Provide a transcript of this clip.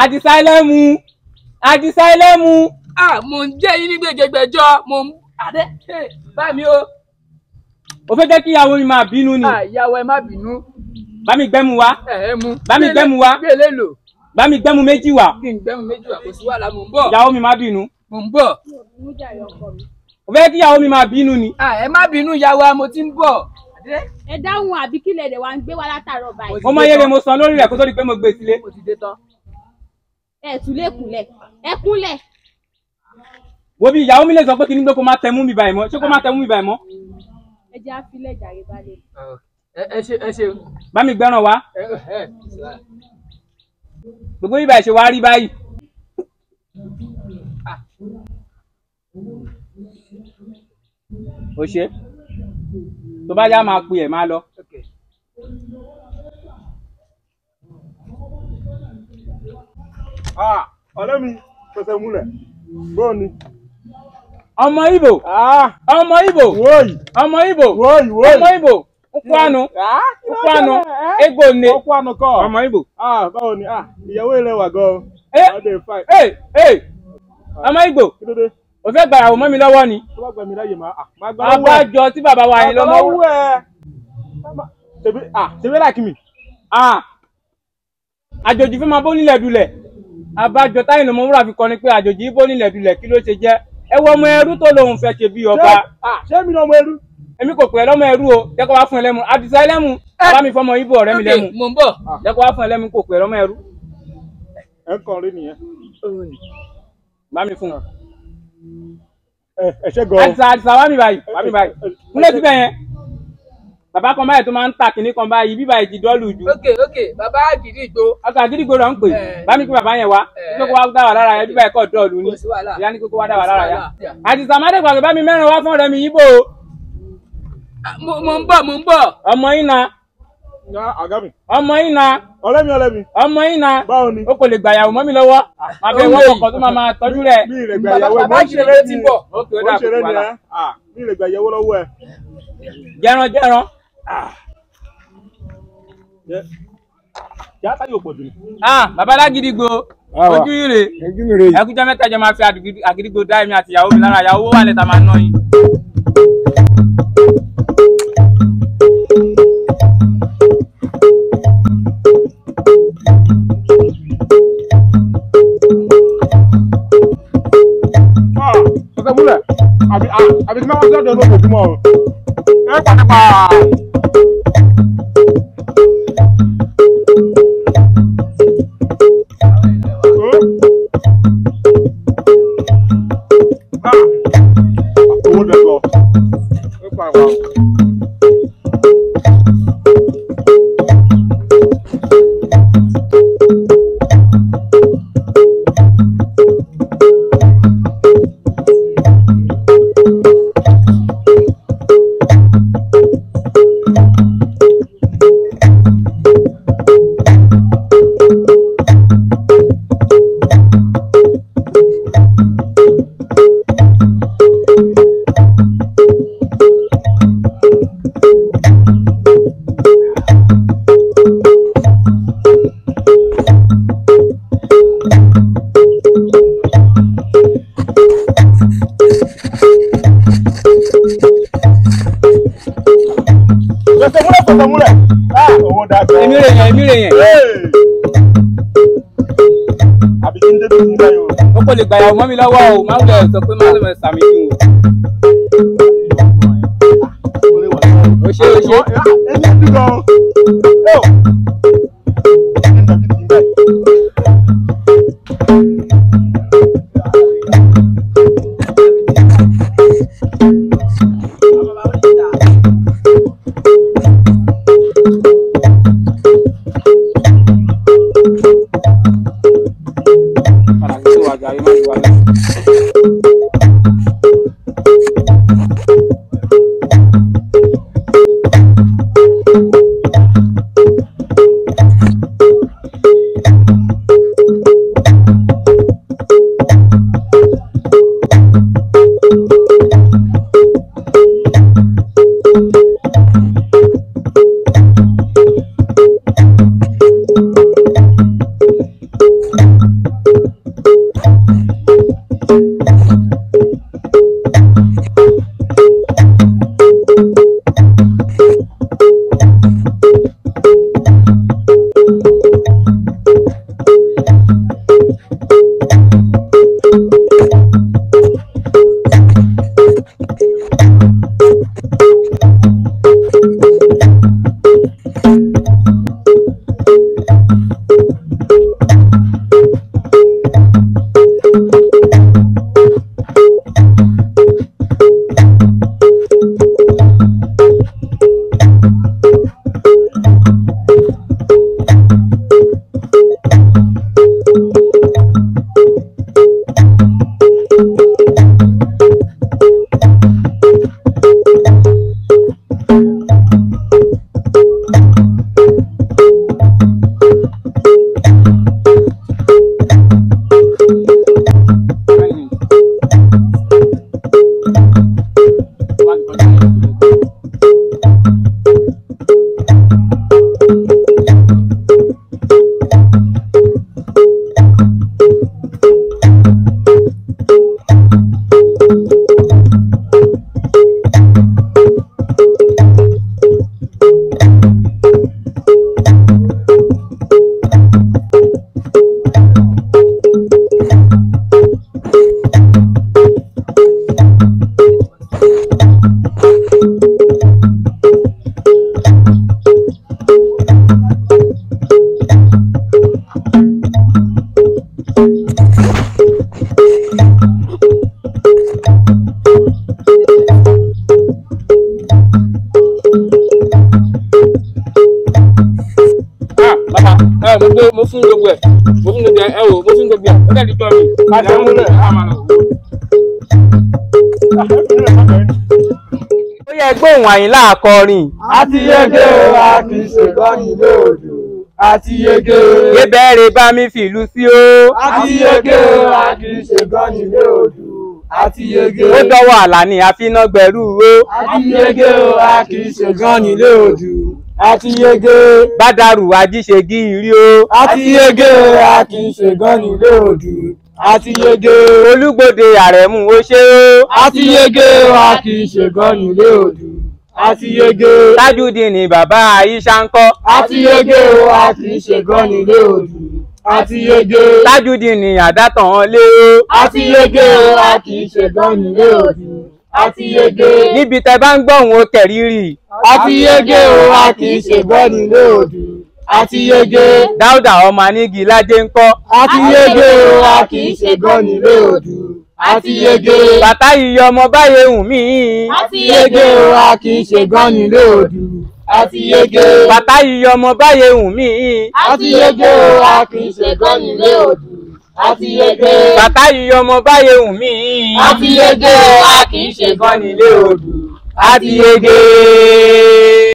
àdìsá ẹlẹ́mu àdìsá ẹlẹ́mu. mo ń jẹ́ yín nígbè gbẹgbẹjọ mo ń adé bámi o. o fẹ́ jẹ́ kí ìyàwó mi máa bínú ni. ìyàwó ẹ má bínú. bá mi gbẹ́mu wá. ẹ mu bá mi gbẹ́mu wá. gbélé lò. bá mi gbẹ́mu méjì wá. kí n gbẹ́mu méjì wá kò sí wàhálà mò ń bọ̀. ìyàwó mi má bínú. mò ń bọ̀. o fẹ́ kí ìyàwó mi máa bínú ni. ẹ má bínú ìyàwó mo ti ń bọ̀ ẹ dáhùn àbí kílẹ̀ rẹ̀ wá ń gbé wa látàárọ̀ báyìí. mo mọ iye rẹ̀ mo san lórí rẹ̀ kó tó di pé mo gbé sílé. mo ti dé tán ẹ tún lè kúnlẹ̀ ẹ kúnlẹ̀. wo bí ìyàwó mi lè sọ pé kí ni pé kó má tẹmú mi báyìí mọ́ ṣé kó má tẹmú mi báyìí mọ́. ẹ jẹ́ àfilẹ̀ jàre balẹ̀. ẹ ṣe ẹ ṣe. bá mi gbẹ́ràn wá. gbogbo bíbá ẹ ṣe wá rí báyìí. o ah. ṣe tó bá yá máa pè ẹ máa lọ. Ah, ọ̀rẹ́ mi fẹsẹ̀ múlẹ̀ bóò ni. ọmọ ibo ah. ọmọ ibo ọmọ ibo ọmọ ibo nkwanu nkwanu ego nne ọmọ ibo. Ah, báwo ni ìyàwó ilé wà gan-an. ee eh. ee eh, eh. ọmọ ibo o fẹ́ gbàyàwó mọ́ mi lọ́wọ́ ni. abájọ tí bàbá wa yẹn lọ́mọ wọ. tèmi làkìmí. àjòjì fún ma bó nílẹ̀ dulẹ̀ abájọ táyìn ọmọ wúrà fi kọrin pé àjòjì ibo nílẹ̀ dulẹ̀ kí ló ṣe jẹ́ ẹ wọ ọmọ ẹrú tó lòun fẹ́ ṣe bí ọba. ṣé mi lọmọ ẹrú. èmi kò pè é lọmọ ẹrú o jẹ́kọ̀ wá fún ẹ lẹ́mu àdìsá ẹlẹ́mu bá mi fọmọ ibo ọ̀rẹ́ mi lẹ́mu ah. jẹ́kọ̀ wá fún ẹ lẹ́mu kò pè é lọmọ ẹrú. ẹ ń kọrin nìyẹn. bá mi fún wọn. ẹ ṣe gan. àdìsá àdìsá wá mi báyìí wá mi báyìí bàbá kan báyìí tó máa ń ta kinní kan báyìí bíbá yìí ti dọ́ọ̀lù jù. ok ok bàbá àgídìgbò. ọkọ àgídìgbò ló ń pè eh. bá mi kí bàbá yẹn wá kí eh. kókó wá dá wà lára yẹn bíbá yẹn kọ dọ́ọ̀lù ni ìyá ní kókó wá dá wà lára yẹn. àti sàmádé pàṣẹ bá mi mẹ́rin wá fún ọ̀rẹ́ mi yíbò. Ah, mo ń bọ̀ mo ń bọ̀. ọmọ yín na na àga mi. ọmọ yín na. ọ̀rẹ́ mi ọ̀rẹ́ mi. ọmọ yín na. báwo ni. o kò lè gbàyàwó mọ́ mi lọ́wọ́. máa bẹ wọ́n kọ̀ọ̀kan tó máa máa tọ́jú rẹ̀. mi ìrẹ̀ gbàyàwó ẹ̀ mọ́ ṣeré ni ẹ̀ mọ́ ṣeré ni ẹ̀ mi ìrẹ̀ gbàyàwó lọ́wọ́ ẹ̀. jẹran jẹran. Ah. Ah, bàbá lágídígbò ah, ojú ire ẹkújọ mẹ́ta jọ máa fi àgídígbò dá èmi àti ìyàwó mi lára ìyàwó wà lẹ́ta máa ná yín. àbí tí wọ́n wá sí ọ̀dọ̀ olóògùn fún mọ́ ọ. ẹ pàdé pa. èmi rè yẹn lè gbà mọ́ mi lọ́wọ́ o máa ń bẹ̀ sọ pé máa ń bẹ̀ sàmì fún o. o ṣe o ṣe. igual gbogbo mo fún gbogbo ẹ̀ mo fún gbogbo ẹ̀ ẹ̀ wò mo fún gbogbo ẹ̀ ó dẹ̀ di jọ mi. kájà ń múlẹ̀ ó yẹ gbóhùn àyìnlá akọrin. àti yege o a kì í ṣe gbọ́yìn lóòdù àti yege o. yébẹ̀rẹ̀ bá mi fìlú sí o. àti yege o a kì í ṣe gbọ́yìn lóòdù àti yege. ó dọ́wọ́ àlàní àfinágbẹ̀rú o. àti yege o a kì í ṣègán nílé odù. àti yege. bádàrú ajíṣegí ìrí o. àti yege o a kì í ṣègán nílé odù. àti yege. olúgbòde àrẹ̀mú ó ṣe o. àti yege o a kì í ṣègán nílé odù. àti yege. tájúdin ni bàbá Aisha ń kọ́. àti yege o a kì í ṣègán nílé odù àti yege. Tajudeen ni àdátàn lé o. àti yege o a kì í ṣe gan nílé òdu. àti yege. níbi tẹ bá ń gbọ́ òun ó kẹ̀rírì. àti yege o a kì í ṣe gan nílé òdu àti yege. dáúdà ọmọ anígi ládé ń kọ́. àti yege o a kì í ṣe gan nílé òdu. àti yege. bàtà yìí ọmọ báyẹn hùn mí. àti yege o a kì í ṣe gan nílé òdu a ti yege. bàtà iye ọmọ báyé wùn mí. a ti yege o a kì í ṣe gan nílé òdù. a ti yege. bàtà iye ọmọ báyé wùn mí. a yege o a kì í ṣe nílé òdù. a yege.